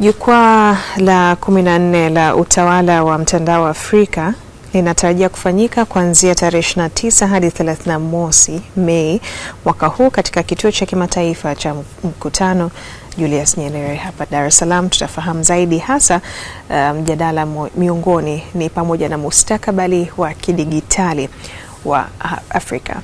Jukwaa la 14 la utawala wa mtandao wa Afrika linatarajia kufanyika kuanzia tarehe 29 hadi 31 mosi Mei mwaka huu katika kituo cha kimataifa cha mkutano Julius Nyerere hapa Dar es Salaam. Tutafahamu zaidi hasa uh, mjadala um, miongoni ni pamoja na mustakabali wa kidigitali wa Afrika.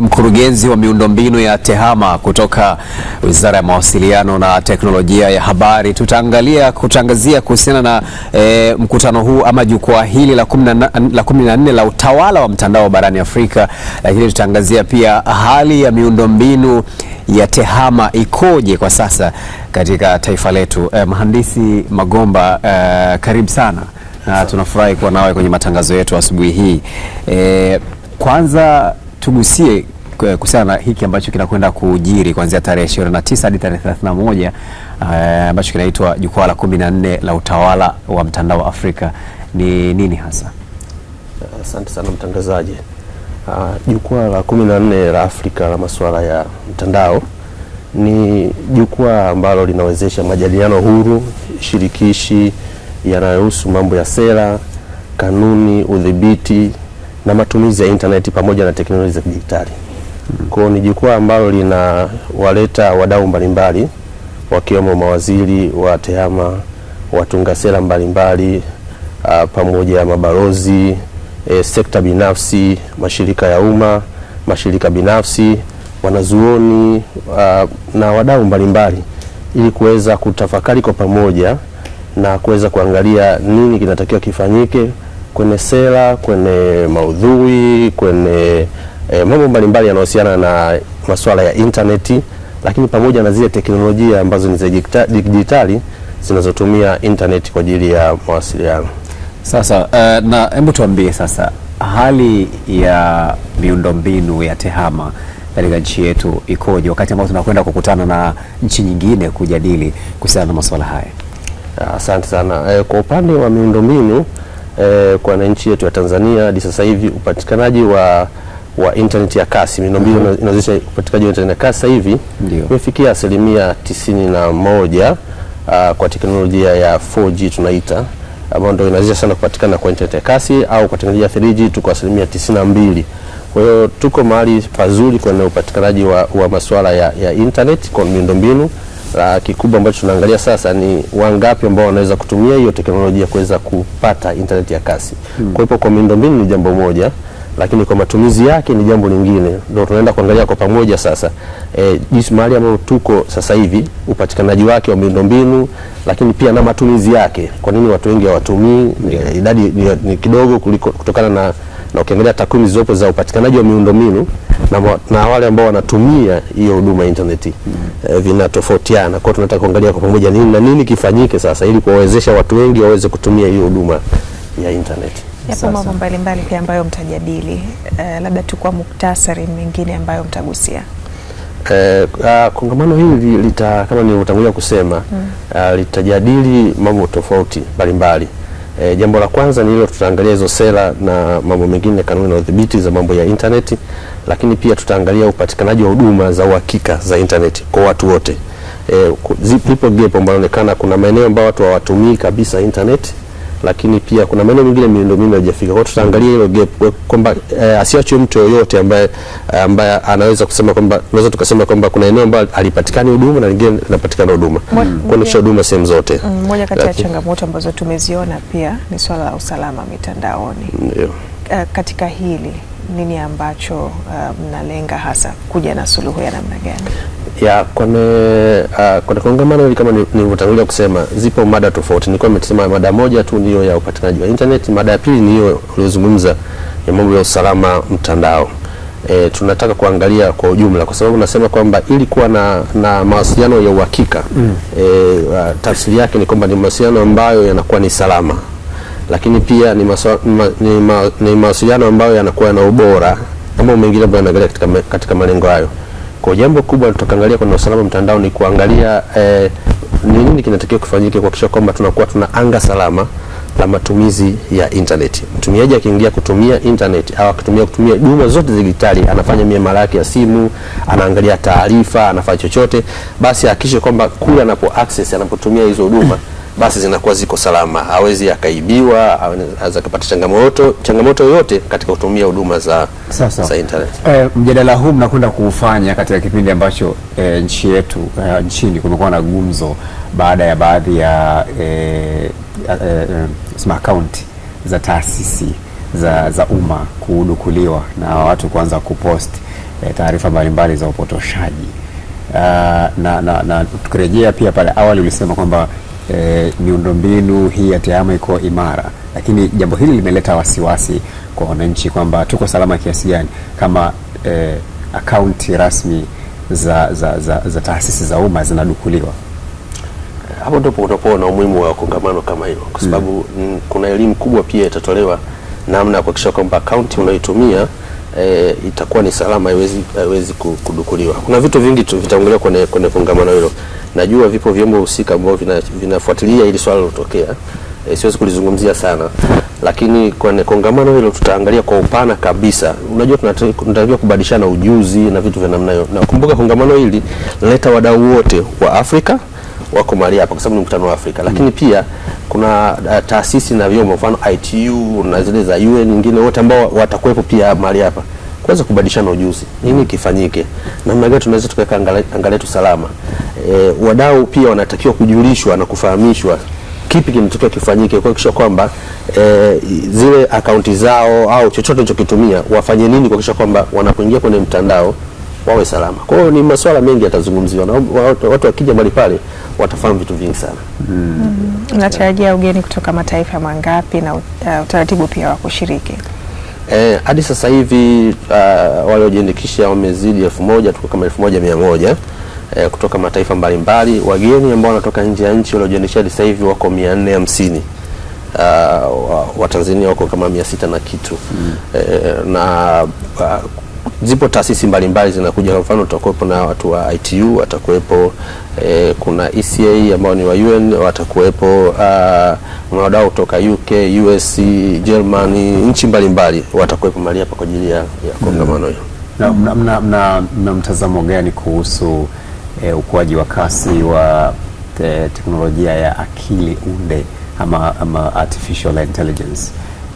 Mkurugenzi wa miundombinu ya TEHAMA kutoka Wizara ya Mawasiliano na Teknolojia ya Habari, tutaangalia kutangazia kuhusiana na e, mkutano huu ama jukwaa hili la 14 la utawala wa mtandao barani Afrika, lakini tutaangazia pia hali ya miundombinu ya TEHAMA ikoje kwa sasa katika taifa letu. E, Mhandisi Magomba, e, karibu sana na tunafurahi kuwa nawe kwenye matangazo yetu asubuhi hii. E, kwanza tugusie eh, kuhusiana na hiki ambacho kinakwenda kujiri kuanzia tarehe 29 hadi tarehe 31 eh, ambacho kinaitwa jukwaa la 14 la utawala wa mtandao wa Afrika ni nini hasa? Asante sana mtangazaji. Ah, jukwaa kumi la 14 la Afrika la masuala ya mtandao ni jukwaa ambalo linawezesha majadiliano huru shirikishi yanayohusu mambo ya sera, kanuni, udhibiti na matumizi ya intaneti pamoja na teknolojia za kidijitali. Kwa hiyo ni jukwaa ambalo linawaleta wadau mbalimbali wakiwemo mawaziri wa tehama, watunga sera mbalimbali uh, pamoja na mabalozi e, sekta binafsi, mashirika ya umma, mashirika binafsi, wanazuoni uh, na wadau mbalimbali ili kuweza kutafakari kwa pamoja na kuweza kuangalia nini kinatakiwa kifanyike kwenye sera, kwenye maudhui, kwenye e, mambo mbalimbali yanayohusiana na masuala ya intaneti, lakini pamoja na zile teknolojia ambazo ni za dijitali zinazotumia intaneti kwa ajili ya mawasiliano. Sasa uh, na hebu tuambie sasa hali ya miundombinu ya TEHAMA katika nchi yetu ikoje, wakati ambao tunakwenda kukutana na nchi nyingine kujadili kuhusiana na masuala haya? Asante sana. E, kwa upande wa miundombinu eh, kwa wananchi wetu wa Tanzania hadi sasa hivi upatikanaji wa wa internet ya kasi miundombinu mm -hmm. inawezesha upatikanaji wa internet ya kasi sasa hivi umefikia asilimia tisini na moja ah, kwa teknolojia ya 4G tunaita ambayo ndio inawezesha sana kupatikana kwa internet ya kasi au kwa teknolojia ya 3G tuko asilimia tisini na mbili. Kwa hiyo tuko mahali pazuri kwenye upatikanaji wa, wa masuala ya, ya internet kwa miundombinu la ah, kikubwa ambacho tunaangalia sasa ni wangapi ambao wanaweza kutumia hiyo teknolojia kuweza kupata internet ya kasi. Hmm. Kwa hivyo kwa miundombinu ni jambo moja, lakini kwa matumizi yake ni jambo lingine. Ndio tunaenda kuangalia kwa pamoja sasa e, jinsi mahali ambapo tuko sasa hivi upatikanaji wake wa miundombinu, lakini pia na matumizi yake. Kwa nini watu wengi hawatumii? Hmm. Eh, idadi ni, ni kidogo kuliko kutokana na na ukiangalia takwimu zilizopo za upatikanaji wa miundombinu na, na wale ambao wanatumia hiyo huduma ya intaneti mm. Eh, e, vinatofautiana. Kwa hiyo tunataka kuangalia kwa pamoja nini na nini kifanyike sasa ili kuwawezesha watu wengi waweze kutumia hiyo huduma ya intaneti. Yapo mambo mbalimbali pia ambayo mtajadili, e, labda tu kwa muktasari mengine ambayo mtagusia. Uh, kongamano hili lita, kama nilivyotangulia kusema mm. uh, litajadili mambo tofauti mbalimbali E, jambo la kwanza ni hilo, tutaangalia hizo sera na mambo mengine, kanuni na udhibiti za mambo ya intaneti, lakini pia tutaangalia upatikanaji wa huduma za uhakika za intaneti kwa watu wote. E, zipo gap ambalo inaonekana kuna maeneo ambayo watu hawatumii kabisa intaneti lakini pia kuna maeneo mengine miundombinu haijafika. Kwa hiyo tutaangalia hilo gap kwamba eh, asiachwe mtu yoyote ambaye eh, ambaye anaweza kusema kwamba tunaweza tukasema kwamba kuna eneo ambalo alipatikani huduma na lingine linapatikana huduma, kuonesha huduma sehemu zote. Mm, moja kati ya changamoto ambazo tumeziona pia ni swala la usalama mitandaoni. Ndio. Uh, katika hili nini ambacho uh, mnalenga hasa kuja na suluhu ya namna gani? Ya kwenye uh, ah, kwenye kongamano hili kama nilivyotangulia ni kusema, zipo mada tofauti. Nilikuwa nimesema mada moja tu ndio ya upatikanaji wa internet. Mada ya pili ni hiyo uliozungumza ya mambo ya usalama mtandao. E, tunataka kuangalia kwa ujumla kwa sababu nasema kwamba ili kuwa na, na mawasiliano ya uhakika mm. E, uh, tafsiri yake ni kwamba ni mawasiliano ambayo yanakuwa ni salama, lakini pia ni, maso, ma, ni, ma, ni mawasiliano ambayo yanakuwa na ubora, ama mengine ambayo yanaangalia katika, katika malengo hayo. Kwa jambo kubwa tutakaangalia kwenye usalama mtandao ni kuangalia eh, ni nini kinatakiwa kufanyike kuhakikisha kwamba tunakuwa tuna anga salama la matumizi ya intaneti. Mtumiaji akiingia kutumia intaneti au akitumia kutumia huduma zote za digitali, anafanya miamala yake ya simu, anaangalia taarifa, anafanya chochote, basi hakikishe kwamba kule anapo access, anapotumia hizo huduma basi zinakuwa ziko salama, hawezi akaibiwa, aweza akapata changamoto changamoto yoyote katika kutumia huduma za, za internet. E, mjadala huu mnakwenda kuufanya katika kipindi ambacho e, nchi yetu e, nchini kumekuwa na gumzo baada ya baadhi ya e, e, e, akaunti za taasisi za, za umma kudukuliwa na watu kuanza kupost e, taarifa mbalimbali za upotoshaji. Uh, na, na, na tukirejea pia pale awali ulisema kwamba e, miundombinu hii ya TEHAMA iko imara, lakini jambo hili limeleta wasiwasi kwa wananchi kwamba tuko salama kiasi gani kama e, akaunti rasmi za, za, za, za taasisi za umma zinadukuliwa. Hapo ndipo utakuwa na umuhimu wa kongamano kama hilo, kwa mm. sababu mm, kuna elimu kubwa pia itatolewa namna ya kuhakikisha kwamba akaunti unayotumia e, eh, itakuwa ni salama, haiwezi kudukuliwa. Kuna vitu vingi vitaongelewa kwenye kongamano hilo najua vipo vyombo husika ambavyo vinafuatilia vina ili swala lilotokea, e, siwezi kulizungumzia sana, lakini kwenye kongamano hilo tutaangalia kwa upana kabisa. Unajua, tunatarajia kubadilishana ujuzi na vitu vya namna hiyo, na kumbuka kongamano hili linaleta wadau wote wa Afrika wako mahali hapa kwa sababu ni mkutano wa Afrika, lakini pia kuna uh, taasisi na vyombo, mfano ITU na zile za UN nyingine, wote ambao watakuwepo pia mahali hapa kuweza kubadilishana ujuzi, nini kifanyike, namna gani tunaweza tukaweka anga letu salama. E, wadau pia wanatakiwa kujulishwa na kufahamishwa kipi kinatakiwa kifanyike kuhakikisha kwamba e, zile akaunti zao au chochote wanachokitumia wafanye nini kuhakikisha kwamba wanapoingia kwenye mtandao wawe salama. Kwa hiyo ni masuala mengi yatazungumziwa na watu wakija mbali pale watafahamu vitu vingi sana. Unatarajia mm. mm. yeah. ugeni kutoka mataifa mangapi na uh, utaratibu pia wa kushiriki? Eh, hadi sasa hivi uh, waliojiandikisha wamezidi elfu moja tuko kama elfu moja mia moja eh, kutoka mataifa mbalimbali. Wageni ambao wanatoka nje ya nchi waliojiandikisha hadi sasa hivi wako mia nne hamsini uh, Watanzania wako kama mia sita na kitu mm. eh, na uh, zipo taasisi mbalimbali zinakuja, kwa mfano tutakuwepo na watu wa ITU watakuwepo, eh, e, kuna ECA ambao ni wa UN watakuwepo, uh, ah, wadau kutoka UK, US, Germany, nchi mbalimbali watakuwepo mahali hapa kwa ajili ya kongamano hilo. Mna, mna, mna, mna mtazamo gani kuhusu e, ukuaji wa kasi wa te, eh, teknolojia ya akili unde ama, ama artificial intelligence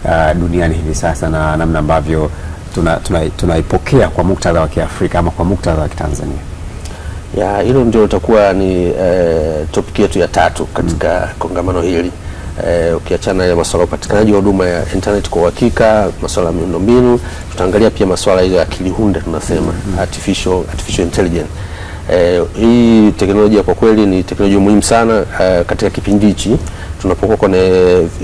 uh, duniani hivi sasa na namna ambavyo tunaipokea tuna, tuna kwa muktadha wa Kiafrika ama kwa muktadha wa Kitanzania. Ya hilo ndio litakuwa ni eh, topic yetu ya tatu katika mm. kongamano hili eh, ukiachana na masuala ya upatikanaji wa huduma ya internet kwa uhakika, masuala ya miundombinu, tutaangalia pia masuala hiyo ya akili hunde tunasema mm -hmm. artificial, artificial intelligence eh, hii teknolojia kwa kweli ni teknolojia muhimu sana eh, katika kipindi hichi tunapokuwa kwenye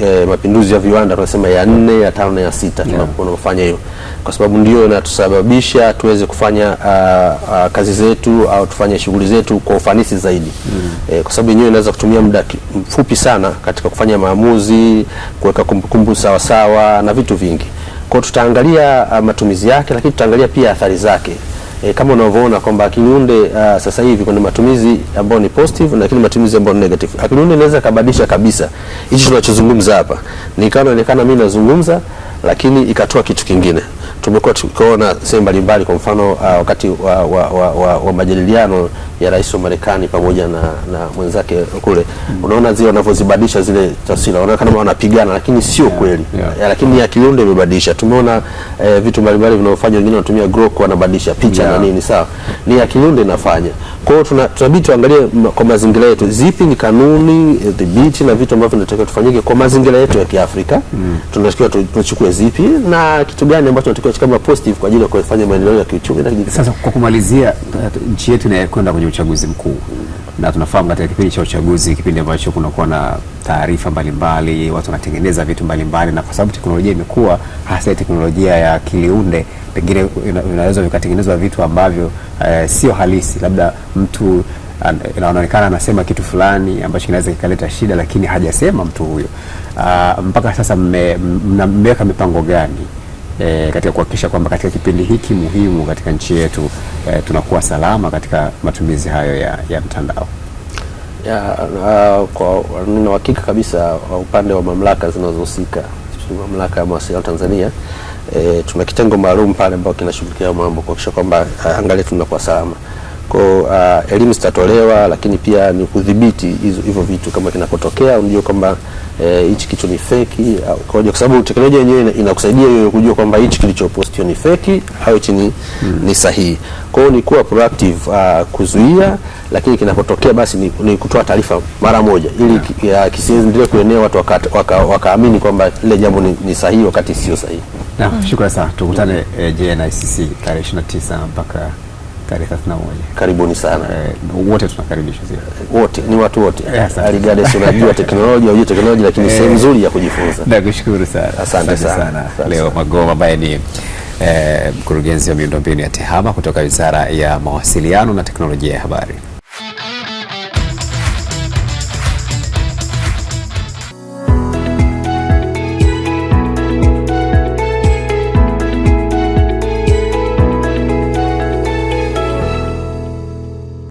e, mapinduzi ya viwanda tunasema ya nne ya tano na ya sita tunafanya hiyo, kwa sababu ndio inatusababisha tuweze kufanya a, ah, a, ah, kazi zetu au tufanye shughuli zetu kwa ufanisi zaidi mm. E, kwa sababu yenyewe inaweza kutumia muda mfupi sana katika kufanya maamuzi, kuweka kumbukumbu sawasawa na vitu vingi. Kwa tutaangalia ah, matumizi yake, lakini tutaangalia pia athari zake. E, kama unavyoona kwamba akiliunde uh, ah, sasa hivi kuna matumizi ambayo ni positive na kile matumizi ambayo ni negative. Akiliunde ah, inaweza kabadilisha kabisa hichi tunachozungumza hapa, nikawa naonekana mimi nazungumza lakini ikatoa kitu kingine. Tumekuwa tukiona sehemu mbalimbali, kwa mfano uh, wakati wa, wa, wa, wa, wa majadiliano ya rais wa Marekani pamoja na, na mwenzake kule mm. Unaona zile wanavyozibadilisha zile taswira, unaona kama wanapigana, lakini sio yeah, kweli yeah. Ya, eh, lakini ya kiundo imebadilisha. Tumeona eh, vitu mbalimbali vinavyofanya, wengine wanatumia grok wanabadilisha picha yeah, na nini sawa, ni ya kiundo inafanya. Kwa hiyo tuna tunabidi tuangalie kwa mazingira yetu, zipi ni kanuni eh, dhibiti na vitu ambavyo tunatakiwa tufanyike kwa mazingira yetu ya Kiafrika mm. Tunatakiwa tuchukue zipi na kitu gani ambacho tunatakiwa kama positive kwa ajili ya kufanya maendeleo ya kiuchumi na kijamii. Sasa kwa kumalizia, eh, nchi yetu inayokwenda kwenye kwenye uchaguzi mkuu na tunafahamu katika kipindi cha uchaguzi, kipindi ambacho kunakuwa na taarifa mbalimbali, watu wanatengeneza vitu mbalimbali mbali, na kwa sababu teknolojia imekuwa hasa teknolojia ya kiliunde, pengine inaweza vikatengenezwa vitu ambavyo eh, sio halisi, labda mtu anaonekana anasema kitu fulani ambacho kinaweza kikaleta shida, lakini hajasema mtu huyo. Uh, mpaka sasa mmeweka mipango gani e, katika kuhakikisha kwamba katika kipindi hiki muhimu katika nchi yetu e, tunakuwa salama katika matumizi hayo ya, ya mtandao. Nina uhakika kabisa uh, upande wa mamlaka zinazohusika mamlaka ya mawasiliano Tanzania e, tuna kitengo maalum pale ambao kinashughulikia mambo kuhakikisha kwamba uh, angalia tunakuwa salama. Kwa uh, elimu zitatolewa, lakini pia ni kudhibiti hivyo vitu kama kinapotokea, unajua kwamba eh, hichi e, kitu ni feki, kwa sababu teknolojia yenyewe inakusaidia wewe kujua kwamba hichi kilichopostiwa ni feki au hichi ni, hmm. ni sahihi. Kwa hiyo ni kuwa proactive uh, kuzuia, lakini kinapotokea basi ni, ni kutoa taarifa mara moja ili yeah. Uh, kisiendelee kuenea watu wakaamini waka, waka kwamba lile jambo ni, ni sahihi wakati sio sahihi. Naam, shukrani sana, tukutane eh, JNICC tarehe 29 mpaka tarehe 31. Karibuni sana eh, wote wote, ni watu wote yes, eh, regardless unajua teknolojia unajua teknolojia, lakini eh. sehemu nzuri ya kujifunza. Nakushukuru sana, asante sana leo Magoma ambaye ni eh, mkurugenzi wa miundombinu ya TEHAMA kutoka Wizara ya Mawasiliano na Teknolojia ya Habari.